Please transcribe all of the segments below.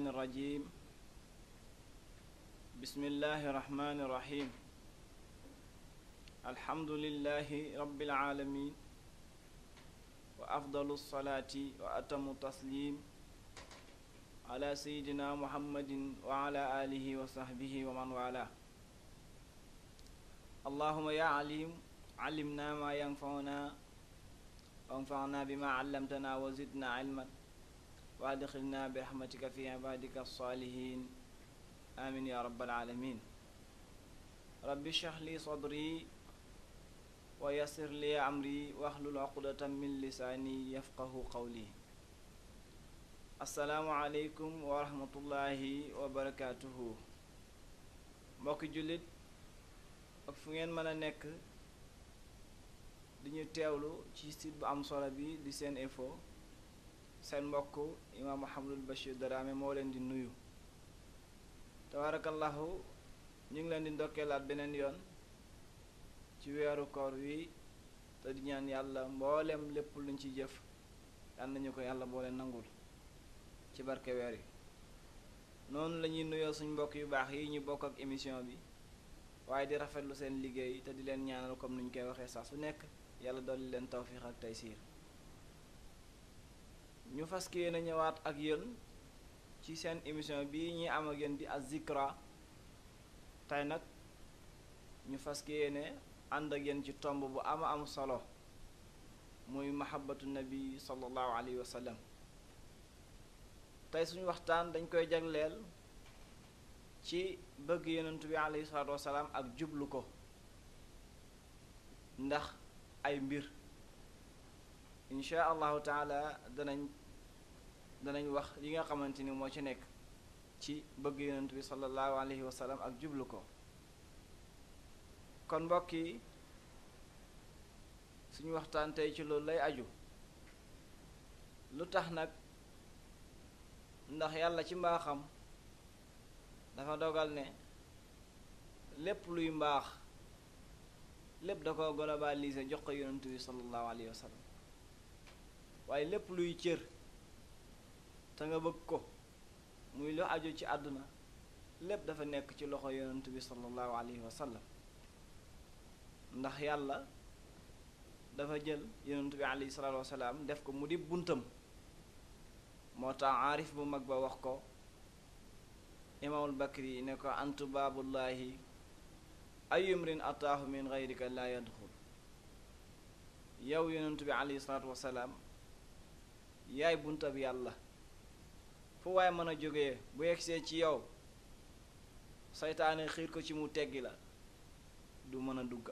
الشيطان الرجيم بسم الله الرحمن الرحيم الحمد لله رب العالمين وأفضل الصلاة وأتم التسليم على سيدنا محمد وعلى آله وصحبه ومن والاه اللهم يا عليم علمنا ما ينفعنا وانفعنا بما علمتنا وزدنا علما wa adxilna bi rahmatika fi ibadika alsalihin amin ya rabbal alamin rabbi shrah li sadri wa yassir li amri wahlul uqdatan min lisaani yafqahu qawli assalaamu aleykum wa wa barakaatuhu mbokki jullit ak fu ngeen mën a nekk di ñu teewlu ci site bu am solo bi di Seneinfo seen mbokk imaam Mouhamadul Bachir Darame moo leen di nuyu tabaarakallahu ñu ngi leen di ndokkeelaat beneen yoon ci weeru koor wi te di ñaan yàlla mboolem lépp luñ ci jëf yal nañu ko yàlla boole nangul ci barke weer yi noonu lañuy ñuy nuyoo suñ mbokk yu baax yi ñu bokk ak émission bi waaye di rafetlu seen liggéey te di leen ñaanal comme ni ñu koy waxee sax su nekk yàlla dolli leen tawfiix ak siir ñu fas yéene ñëwaat ak yéen ci seen émission bi ñuy am ak yéen di Az-Zikra tey nag ñu fas yéene ànd ak yéen ci tomb bu am a am solo muy mahabbatu nabi sallallahu alayhi wa sallam tey suñu waxtaan dañ koy jagleel ci bëgg yonent bi alayhi salaatu wasalaam ak jublu ko ndax ay mbir incha allahu taala danañ danañu wax li nga xamante ni moo ci nekk ci bëgg yonent bi sallallahu alayhi wa sallam ak jublu ko kon mbokk yi suñu waxtaan tey ci loolu lay aju lu tax nag ndax yàlla ci mbaaxam dafa dogal ne lépp luy mbaax lépp da ko globaliser jox ko yonent bi sallallahu alayhi wa waaye lépp luy cër te nga bëgg ko muy lu aju ci àdduna lépp dafa nekk ci loxo yonent bi sallallahu alayhi wa ndax yàlla dafa jël yonent bi alayhi salaatu salaam def ko mu di buntam moo tax aarif bu mag ba wax ko imaamul bakri yi ne ko antu baabullaahi ayumrin ataahu min gayrika laa yadxul yow yonent bi alayhi salaatu wa salaam yaay buntab yàlla fu waaye mën a jóge bu yegsee ci yow seytaane xiir ko ci mu teggi la du mën a dugg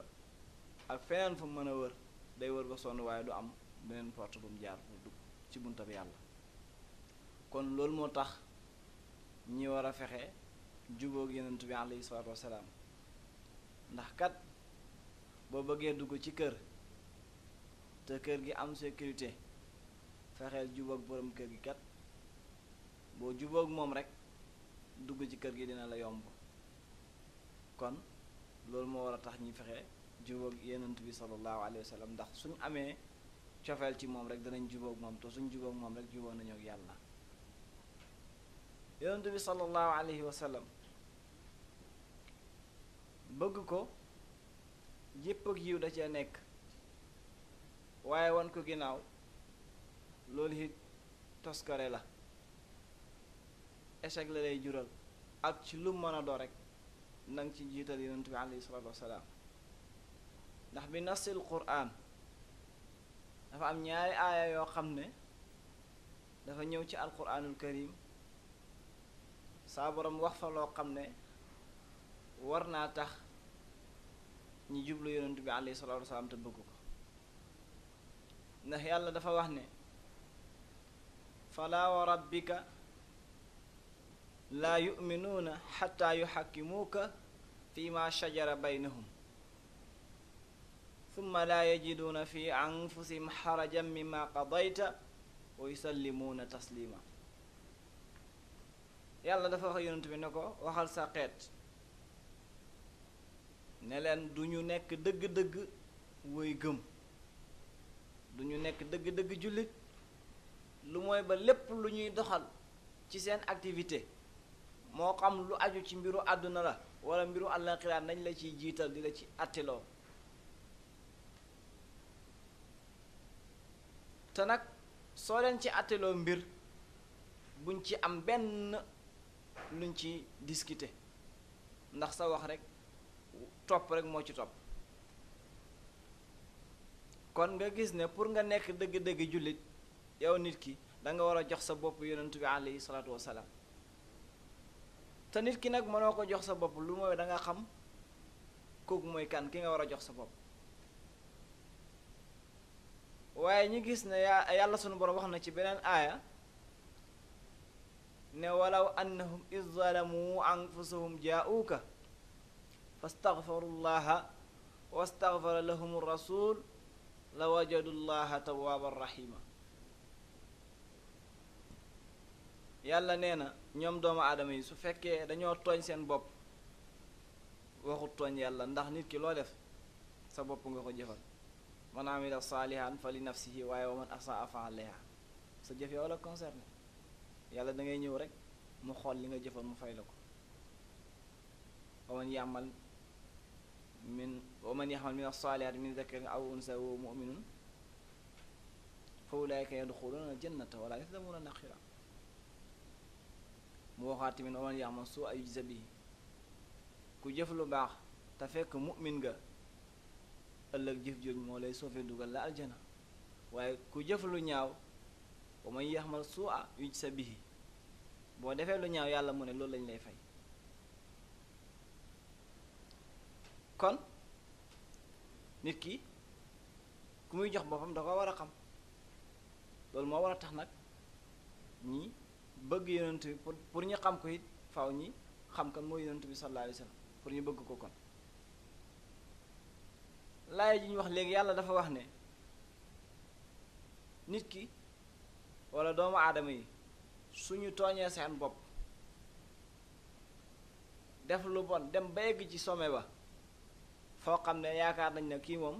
ak feneen fu mën a wër day wër ba sonn waaye du am beneen porte bu mu jaar pour dugg ci bi yàlla kon loolu moo tax ñi war a fexe jubóog yenent bi alayhi salaatu wasalaam ndax kat boo bëggee dugg ci kër te kër gi am sécurité fexeel jubóog borom kër gi kat boo jubóog moom rek dugg ci kër gi dina la yomb kon loolu moo war a tax ñi fexe jubóog yenent bi sallallahu alayhi wa sallam ndax suñ amee cofeel ci moom rek danañ jubóog moom te suñ jubóog moom rek jubóog nañu ak yàlla yenent bi sallallahu alayhi wa sallam bëgg ko yépp ak yiw da cee nekk waaye wan ko ginnaaw loolu it toskare la échec la lay jural ak ci lu mën a doo rekk na nga ci jiital yonent bi alayhi salaatu wasalaam ndax bi nasil quraan dafa am ñaari aaya yoo xam ne dafa ñëw ci alquraanul karim saa borom wax fa loo xam ne war naa tax ñi jublu yonent bi alayhi salaatu wasalaam te bëgg ko ndax yàlla dafa wax ne falaa rabbika laa yuminuuna xataa yuxakkimuuka fi ma shajara baynahum summa laa yajiduuna fi anfusihim xarajan mimma qadayta wa yusallimuuna taslima yàlla dafa wax yonent bi ne ko waxal sa xeet ne leen duñu nekk dëgg-dëgg woy gëm du nekk dëgg-dëgg jullit lu mooy ba lépp lu ñuy doxal ci seen activité moo xam lu aju ci mbiru àdduna la wala mbiru àllaxira nañ la ciy jiital di la ci attiloo te nag soo leen ci attiloo mbir buñ ci am benn luñ ci discuter ndax sa wax rek topp rek moo ci topp kon nga gis ne pour nga nekk dëgg-dëgg jullit yow nit ki danga war a jox sa bopp yonentu bi alayhi salaatu wasalaam te nit ki nag mënoo ko jox sa bopp lu mooy da xam kooku mooy kan ki nga war a jox sa bopp waaye ñu gis ne yaa yàlla sunu borom wax na ci beneen aaya ne walaw annahum iz zalamu anfusahum jaa'uuka fastaghfaru llaha wastaghfara lahum rasul la wajadu llaha tawwaban rahima yàlla nee na ñoom doomu aadama yi su fekkee dañoo tooñ seen bopp waxut tooñ yàlla ndax nit ki loo def sa bopp nga ko jëfal man amila saalihan fa li nafsihi waaye wa man asaa fa alayha sa jëf yow la concerné yàlla da ngay ñëw rek mu xool li nga jëfal mu fay la ko wa man yàmmal min wa man yaxmal min asalihat min dakarin aw unsa wa muminun fa ulaika yadxuluna aljannata mu waxaat tamit waman yaamal su ay yujza bi ku jëf lu baax te fekk mu'min nga ëllëg jëf jooju moo lay soofee dugal la aljana waaye ku jëf lu ñaaw waman yaamal su a yujza bihi boo defee lu ñaaw yàlla mu ne loolu lañ lay fay kon nit ki ku muy jox boppam da ko war a xam loolu moo war a tax nag ñii bëgg yonent bi pour pour ñu xam ko it faw ñi xam kan mooy yonent bi sallallahu alayhi pour ñu bëgg ko kon laaya ji ñu wax léegi yàlla dafa wax ne nit ki wala doomu aadama yi suñu tooñee seen bopp def lu bon dem ba yegg ci sommet ba foo xam ne yaakaar nañ ne kii moom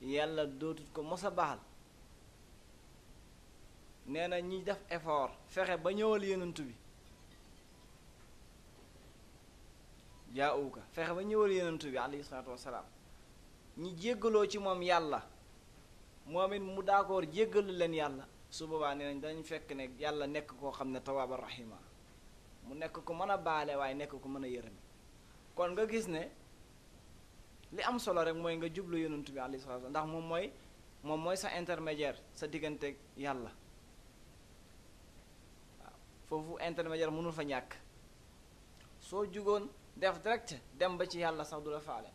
yàlla dootul ko mos a baaxal nee na ñi def effort fexe ba ñëwal yonent bi jaawuka fexe ba ñëwal yonent bi alayhi salaatu wasalaam ñi jéggaloo ci moom yàlla moom it mu d'accord jéggalu leen yàlla su boobaa nee nañ dañ fekk ne yàlla nekk koo xam ne tawaaba rahima mu nekk ko mën a baale waaye nekk ko mën a yërëmi kon nga gis ne li am solo rek mooy nga jublu yonent bi alayhi salaatu ndax moom mooy moom mooy sa intermédiaire sa diggante yàlla foofu intermédiaire mënul fa ñàkk soo jugoon def direct dem ba ci yàlla sax du la faale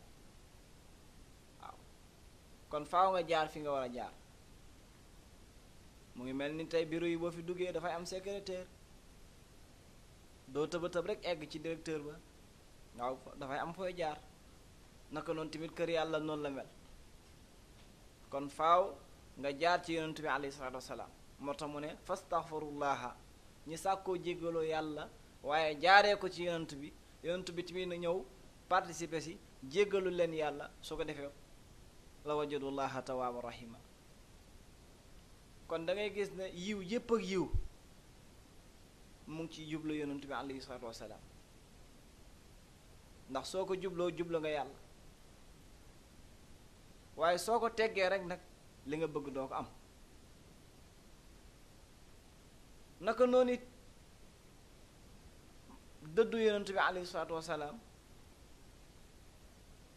waaw kon faaw nga jaar fi nga war a jaar mu ngi mel ni tey bureau yi boo fi duggee dafay am secrétaire doo tëba tëb rek egg ci directeur ba waaw dafay am fooy jaar naka noonu tamit kër yàlla noonu la mel kon faaw nga jaar ci yonent bi alayhi salaatu moo tax ne fastaxfirullaha ñi sàkkoo jéggaloo yàlla waaye jaaree ko ci yonent bi yonent bi tamit na ñëw participer si jéggalu leen yàlla su ko defee la wajadullaha tawaaban rahima kon dangay gis ne yiw yépp ak yiw mu ngi ci jublu yonent bi alayhi salaatu wasalaam ndax soo ko jubloo jublu nga yàlla waaye soo ko teggee rek nag li nga bëgg doo ko am naka noon it dëddu yonent bi alayhi salaatu wasalaam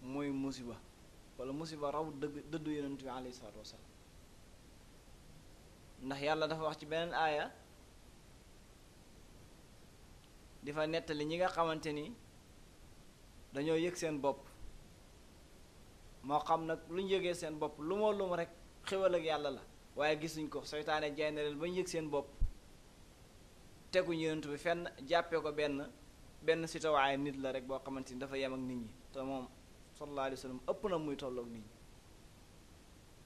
mooy musiba wala musiba raw dëgg dëddu yonent bi alayhi salaatu wasalaam ndax yàlla dafa wax ci beneen aaya di fa nettali ñi nga xamante ni dañoo yëg seen bopp moo xam nag lu ñu yëgee seen bopp lu moo lum rek xéwal ak yàlla la waaye gisuñ ko seytaane jaay na ba ñu yëg seen bopp teguñu yonent bi fenn jàppee ko benn benn si nit la rek boo xamante ni dafa yem ak nit ñi te moom sallallahu alayhi wa sallam ëpp na muy tolloog nit ñi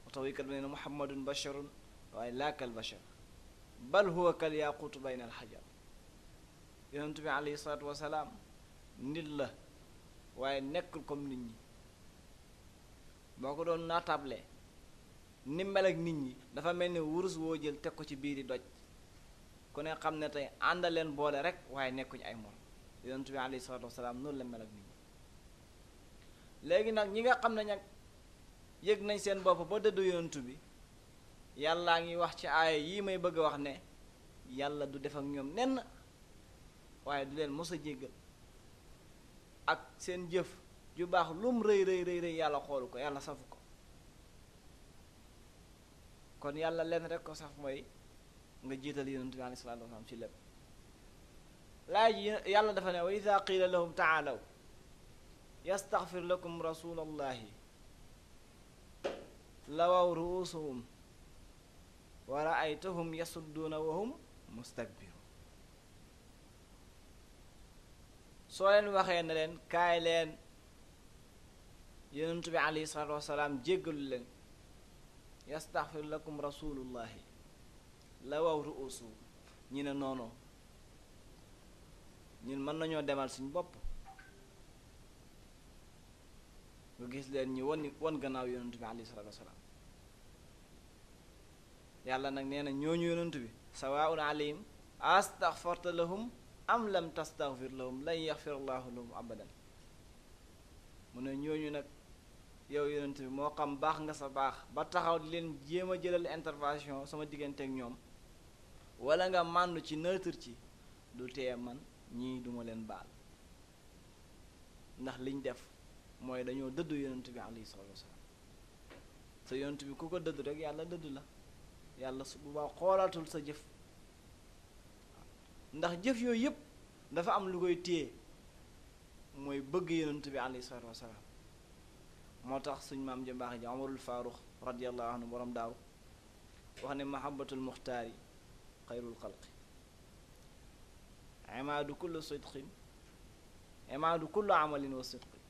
oto wuykat bi nee waaye laa kal bashar bal huwa kal yaquutu nit la waaye nekkul comme nit ñi boo ko doon naatable ni mel ak nit ñi dafa mel ni wurus woo jël teg ko ci biir biiri doj ku ne xam ne tey ànda leen boole rek waaye nekkuñu ay mor yonent bi alayhi salaatu wasalaam noonu la mel ak nit ñi léegi nag ñi nga xam ne ñag yëg nañ seen bopp ba dëddu yonent bi yàllaa ngi wax ci aaya yii may bëgg a wax ne yàlla du def ak ñoom nenn waaye du leen mos a jéggal ak seen jëf ju baax lum rëy rëy rëy rëy yàlla xoolu ko yàlla safu ko kon yàlla leen rek ko saf mooy nga jiital yonent bi alayhi salaatu wa salaam ci lépp laay ji yàlla dafa ne wa ida qiila lahum taalaw yastaxfir lakum rasulallahi lawaw ruusuhum wa raaytahum yasudduuna wa hum mustakbiruun soo leen waxee ne leen kaay leen yonent bi alayhi salaatu wa salaam jéggalu leen yastaxfir lakum rasulullahi la waw ruusu ñi ne noonu ñun mën nañoo demal suñ bopp nga gis leen ñi wan wan gannaaw yonent bi alayhi salaatu wasalaam yàlla nag nee na ñooñu yonent bi sawaun alayhim astaghfarta lahum am lam tastaghfir lahum lan yaghfir allahu lahum abadan mu ne ñooñu nag yow yonent bi moo xam baax nga sa baax ba taxaw leen jéem a jëlal intervention sama ak ñoom wala nga màndu ci neutre ci du tee man ñii duma leen baal ndax liñ def mooy dañoo dëdd yonent bi alayhi salatu wasalaam te yonent bi ku ko dëdd rek yàlla dëdd la yàlla su boobaa xoolaatul sa jëf ndax jëf yooyu yëpp dafa am lu koy téye mooy bëgg yonent bi alayhi salatu wasalaam moo tax suñ maam jëmbaax ji amarul faaruq radiallahu anhu borom daaru wax ne mahabbatul yi xayrul xalqi imaadu kulli sidqin imaadu kulli amalin wa sidqin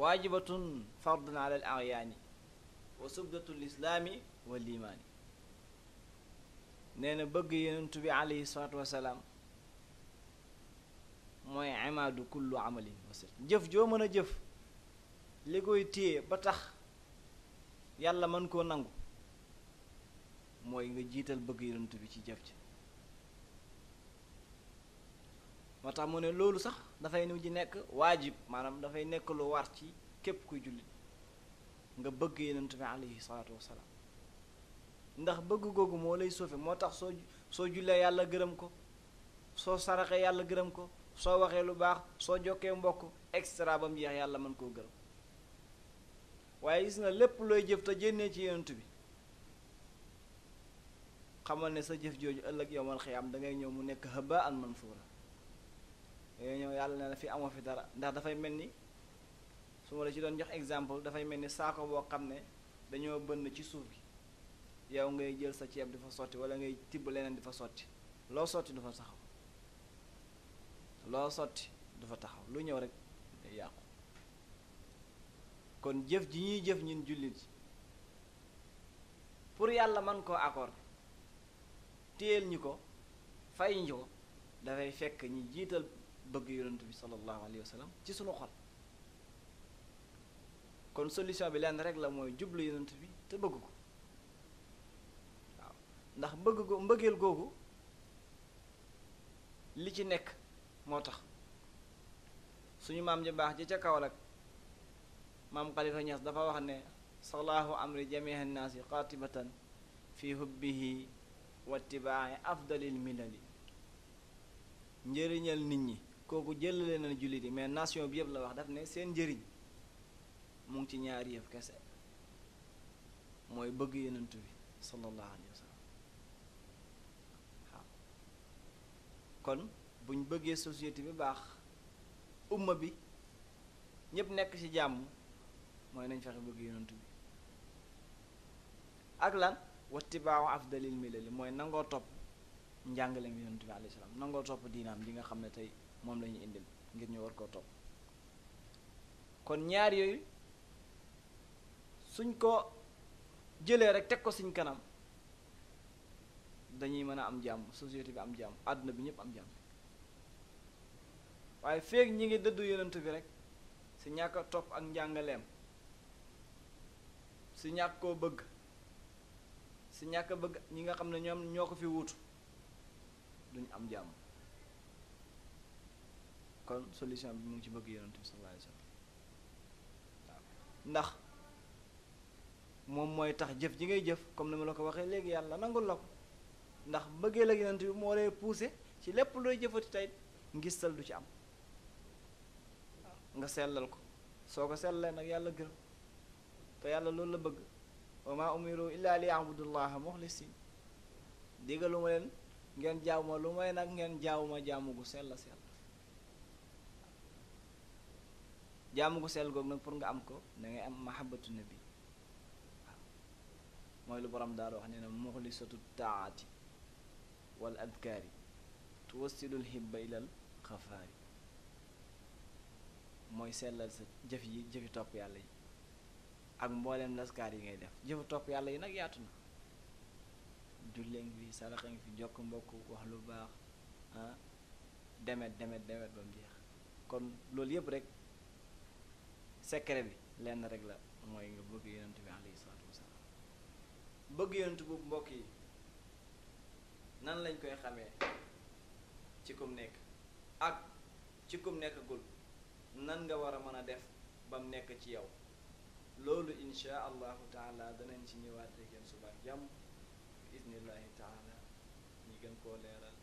waajibatun fardun ala al aryaani wa subdatu lislaami wa liimaani nee na bëgg yonent bi alayhi salaatu wasalaam mooy imaadu kullu amalin wa sidqin jëf joo mën a jëf li koy téye ba tax yàlla mën koo nangu mooy nga jiital bëgg yonent bi ci jëf ci moo tax mu ne loolu sax dafay nu ji nekk waajib maanaam dafay nekk lu war ci képp kuy jullit nga bëgg yonent bi alayhi salaatu wasalaam ndax bëgg googu moo moo tax soo soo jullee yàlla gërëm ko soo saraxee yàlla gërëm ko soo waxee lu baax soo jokkee mbokk extra ba jeex yàlla mën koo gërëm waaye gis nga lépp looy jëf te jénnee ci yonent bi xamal ne sa jëf jooju ëllëg yowmal xiyaam da ngay ñëw mu nekk haba an mansuura dangay ñëw yàlla na la fi amoo fi dara ndax dafay mel ni su ma ci doon jox exemple dafay mel ni saako boo xam ne dañoo bënn ci suuf bi yow ngay jël sa ceeb di fa sotti wala ngay tibb leneen di fa sotti loo sotti du fa taxaw loo sotti du fa taxaw lu ñëw rek yàqu kon jëf ji ñuy jëf ñun jullit pour yàlla man koo accord téyel ñu ko fay ñu ko fekk ñi jiital bëgg yonent bi sallallahu alayhi ci sunu xol kon solution bi lenn rek la mooy jublu yonent bi te bëgg ko waaw ndax bëgg ko mbëggeel googu li ci nekk moo tax suñu maam ji baax ji ca Kaolack maam Khalifa Niass dafa wax ne salaahu amri jamiha nnaasi qatibatan fi hubbihi wattibaaxi afdalil milali njëriñal nit ñi kooku jël na jullit yi mais nation bi yëpp la wax daf ne seen njëriñ mu ci ñaari yëf kese mooy bëgg yenentu bi sallallahu alayhi wa kon buñ bëggee société bi baax umma bi ñëpp nekk ci jàmm mooy nañ fexe bëgg yenentu bi ak lan wattibaawu afdalil milali mooy nangoo topp njàngale mi yonent bi alayhi salaam nangoo topp diinaam li nga xam ne tey moom la ñuy indil ngir ñu war koo topp kon ñaar yooyu suñ ko jëlee rek teg ko suñ kanam dañuy mën a am jàmm société bi am jàmm àdduna bi ñëpp am jàmm waaye feeg ñi ngi dëddu yonent bi rek si ñàkk a topp ak njàngaleem si ñàkk koo bëgg si ñàkk a bëgg ñi nga xam ne ñoom ñoo ko fi wuutu duñu am jàmm kon solution bi mu ngi ci bëgg yonent bi sallallahu waaw ndax moom mooy tax jëf ji ngay jëf comme ni ma la ko waxee léegi yàlla nangul la ko ndax bëggee la yonent bi moo lay poussé ci lépp looy jëfati tey ngistal du ci am waaw nga sellal ko soo ko sellalee nag yàlla gërëm te yàlla loolu la bëgg wa ma umiru illa li yabudullaha muxlisin digalu ma leen ngeen jaaw ma lu may nag ngeen jaaw ma jaamu gu sell sell jaamu gu sell googu nag pour nga am ko da am mahabatu nabi waaw mooy lu borom daal wax nee na muxlisatu taati wal adkaari tuwasilul hibba ilal xafaari mooy sellal sa jëf yi jëfi topp yàlla yi ak mbooleem laskaar yi ngay def jëfu topp yàlla yi nag yaatu na jullee ngi fi saraxa ngi fi jokk mbokk wax lu baax ah demet demet demet ba mu jeex kon loolu yëpp rek secret bi lenn rek la mooy nga bëgg yonent bi alayhi salaatu wasalaam bëgg yonent boobu mbokk yi nan lañ koy xamee ci kum nekk ak ci kum nekkagul nan nga war a mën a def ba mu nekk ci yow loolu insha allahu taala danañ ci ñëwaat ak yéen suba ak jàmm bi idnillahi taala ñi gën koo leeral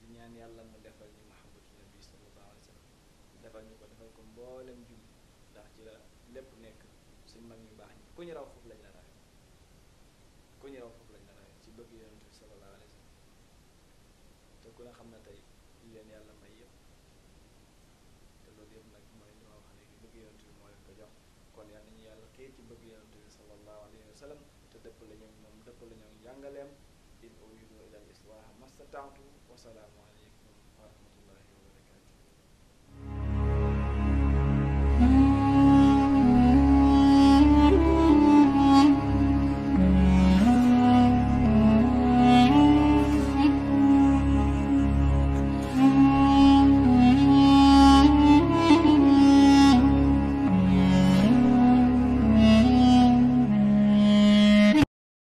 du ñaan yàlla mu defal ñu mahabatu nabi sallallahu alayhi ñu ko defal ko mboolem julli ndax ci la lépp nekk suñ mag ñu baax ñi ku ñu raw foofu lañ la rawee ku ñu raw foofu lañ la rawee ci bëgg yonent bi sallallahu alayhi wa sallam te ku ne xam na tey li leen yàlla may yëpp kon yal nañu yàlla téye ci bëgg yonent bi sallallahu alayhi wa sallam te dëpp la ñoom moom dëpp la ñoom njàngaleem in uridu ila al islaha mastata'tu wa